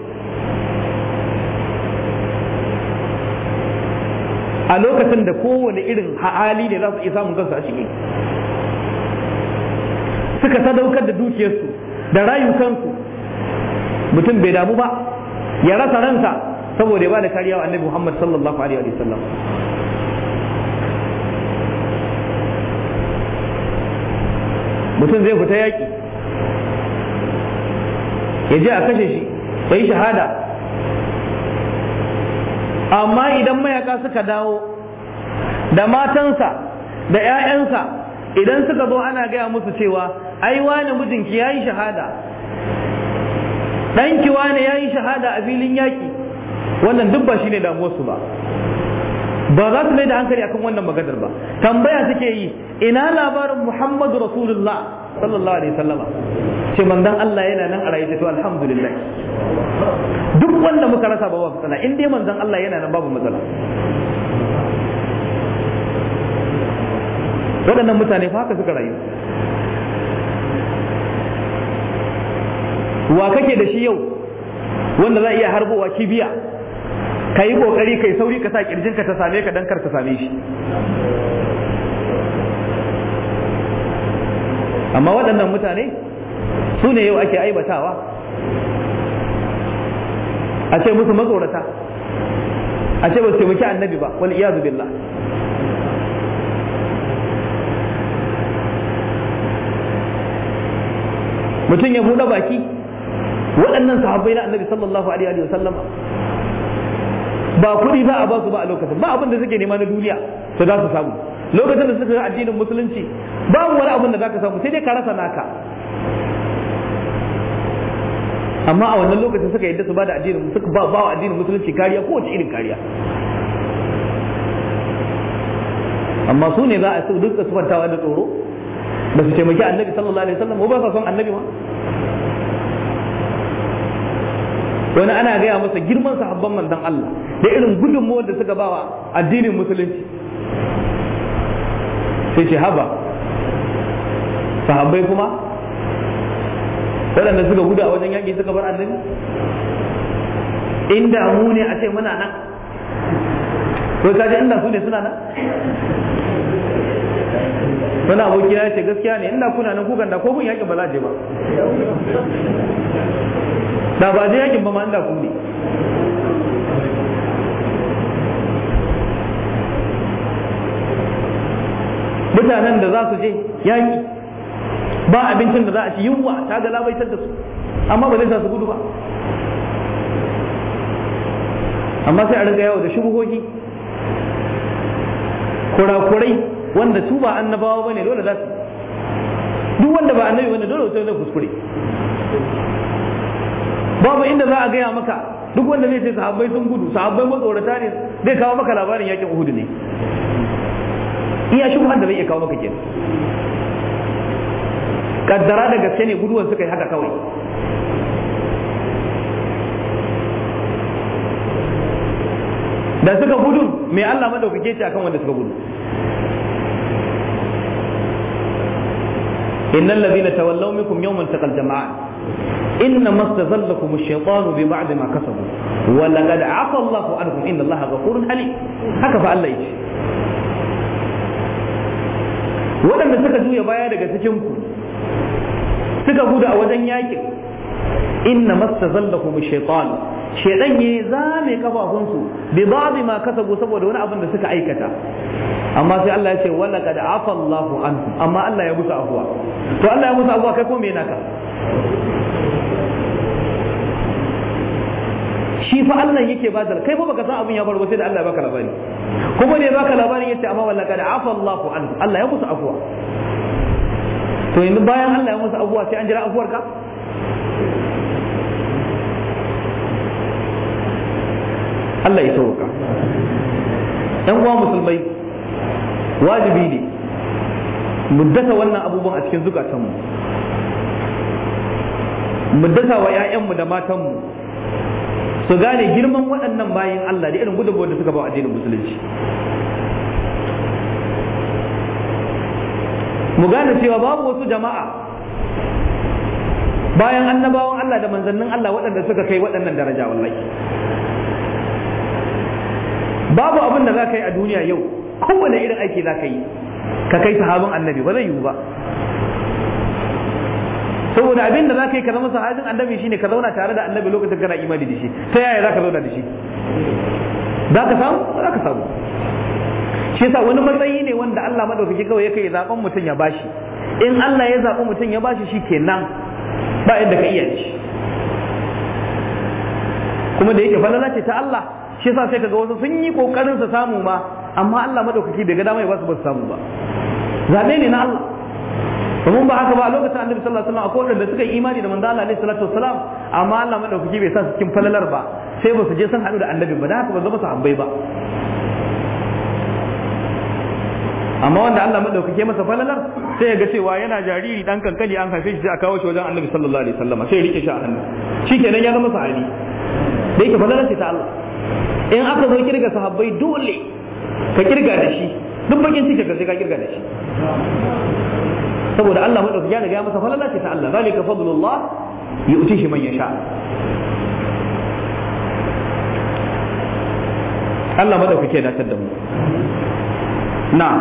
a lokacin da kowane irin hali ne za su iya samun kansu a cikin suka sadaukar da dukiyarsu da rayukansu mutum bai damu ba ya rasa ranta saboda ya ba da kariya wa annabi Muhammad sallallahu alaihi wa sallam mutum zai fita yaƙi ya je a kashe shi bai shahada amma idan mayaka suka dawo da matansa da 'ya'yansa idan suka zo ana gaya musu cewa ai wani mijinki ya yi shahada ɗanki wani ya yi shahada a filin yaƙi wannan duk ba shi ne damuwarsu ba ba za su mai da hankali akan wannan maganar ba tambaya suke yi ina labarin muhammadu rasulullah sallallahu alaihi wasallama ce manzon Allah yana nan a rayu to alhamdulillah duk wanda muka rasa ba babu matsala in dai manzon Allah yana nan babu matsala waɗannan mutane fa haka suka rayu wa kake da shi yau wanda za a iya harbowa kibiya ka yi ƙoƙari kai sauri ka sa ƙirjinka ta same ka don kar ta same shi amma waɗannan mutane su ne yau ake aibatawa a ce musu mazaurata a ce ba su taimaki annabi ba wani iyazu billah mutum ya buɗe baki waɗannan sahabbai na annabi sallallahu alaihi wa sallama ba kuɗi za a ba su ba a lokacin ba abin da suke nema na duniya su za su samu lokacin da suka addinin musulunci ba wani abin da za ka samu sai dai ka rasa naka amma a wannan lokacin suka yadda su ba da addinin suka ba ba addinin musulunci kariya ko wace irin kariya amma su ne za a su duk sufantawa da tsoro ba su taimaki annabi sallallahu alaihi wasallam ba sa son annabi ma wani ana gaya masa girman sahabban manzon Allah da irin gudunmuwar da suka bawa addinin musulunci sai ce haba sahabbai kuma waɗanda suka gudu a wajen yaƙi suka bar annabi inda mu ne a ce muna nan ko kaje inda su ne suna nan wani abokina ya ce gaskiya ne inda kuna nan kukan da ko kun yaƙin ba za je ba da ba je yaƙin ba ma inda ku ne mutanen da za su je yaƙi ba abincin da za a ci yunwa ta labaitar da su amma ba zai sa su gudu ba amma sai a riga yawo da shubuhohi kurakurai wanda su ba annabawa bane dole za su duk wanda ba annabi bane dole wata zai kuskure babu inda za a gaya maka duk wanda zai ce sahabbai sun gudu sahabbai matsorata ne zai kawo maka labarin yakin uhudu ne iya shubhan da zai iya kawo maka kenan kaddara da gaske ne guduwan suka yi haka kawai da suka gudu mai Allah madaukake ce akan wanda suka gudu innal ladina tawallaw minkum yawman taqal jama'an إنما استزلكم الشيطان ببعد ما كسبوا ولقد عفى الله عنهم إن الله غفور حليم هكذا الله يجي waɗanda suka juya baya daga cikinku suka gudu a wajen yakin inna mastazallahum shaytan shaytan ya zame kafafunsu bi ba'd ma kasabu saboda wani abin da suka aikata amma sai Allah ya ce wala qad afa Allahu anhum amma Allah ya musu afwa to Allah ya musu afwa kai ko me naka shi fa Allah yake ba da kai fa baka san abin ya faru sai da Allah ya baka labari kuma ne baka labarin yace amma wallahi kada afa Allahu an Allah ya musu afwa to yanzu bayan Allah ya musu abuwa sai an jira abuwar ka Allah ya ka. ɗan uwa musulmai wajibi ne mu dasa wannan abubuwan a cikin zukatanmu mu dasa wa 'ya'yanmu da matanmu su gane girman waɗannan bayan Allah da irin gudunmu da suka ba addinin musulunci mu gane cewa babu wasu jama'a bayan annabawan Allah da manzannin Allah waɗanda suka kai waɗannan daraja wallahi babu abin da za ka yi a duniya yau kowane irin aiki za ka yi ka kai sahabin annabi ba zai yiwu ba saboda abin da za ka yi ka zama sahabin annabi shine ka zauna tare da annabi lokacin kana imani da shi ta yaya za ka zauna da shi za ka samu za ka samu shi yasa wani matsayi wanda Allah madaukaki kawai yake zaben mutum ya bashi in Allah ya zaɓi mutum ya bashi shi kenan ba yadda ka iya shi kuma da yake falala ce ta Allah shi yasa sai kaga wasu sun yi kokarin su samu ma amma Allah madaukaki bai ga dama ya basu ba su samu ba zabe ne na Allah domin ba haka ba a lokacin annabi sallallahu alaihi wasallam akwai wanda suka yi imani da manzo Allah alaihi salatu wasalam amma Allah madaukaki bai sa su cikin falalar ba sai ba su je sun hadu da annabi ba da haka ba zama su hambai ba amma wanda Allah madaukake masa falalar sai ya ga cewa yana jariri dan kankani an haife shi sai a kawo shi wajen Annabi sallallahu alaihi wasallam sai ya rike shi a hannu shikenan ya zama sahabi dai yake falalar ta Allah in aka zo kirga sahabbai dole ka kirga da shi duk bakin cikin ka sai ka kirga da shi saboda Allah madaukake ya riga masa falalar ta Allah zalika fadlullah yu'tihi man yasha Allah madaukake ya dace da mu na'am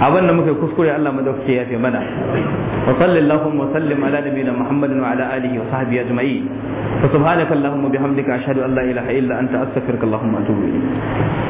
abin da muka kuskure Allah madaukake ya fi mana wa sallallahu wa sallim ala nabiyina muhammadin wa ala alihi wa sahbihi ajma'in fa subhanaka allahumma bihamdika ashhadu an la ilaha illa anta astaghfiruka allahumma atubu ilayk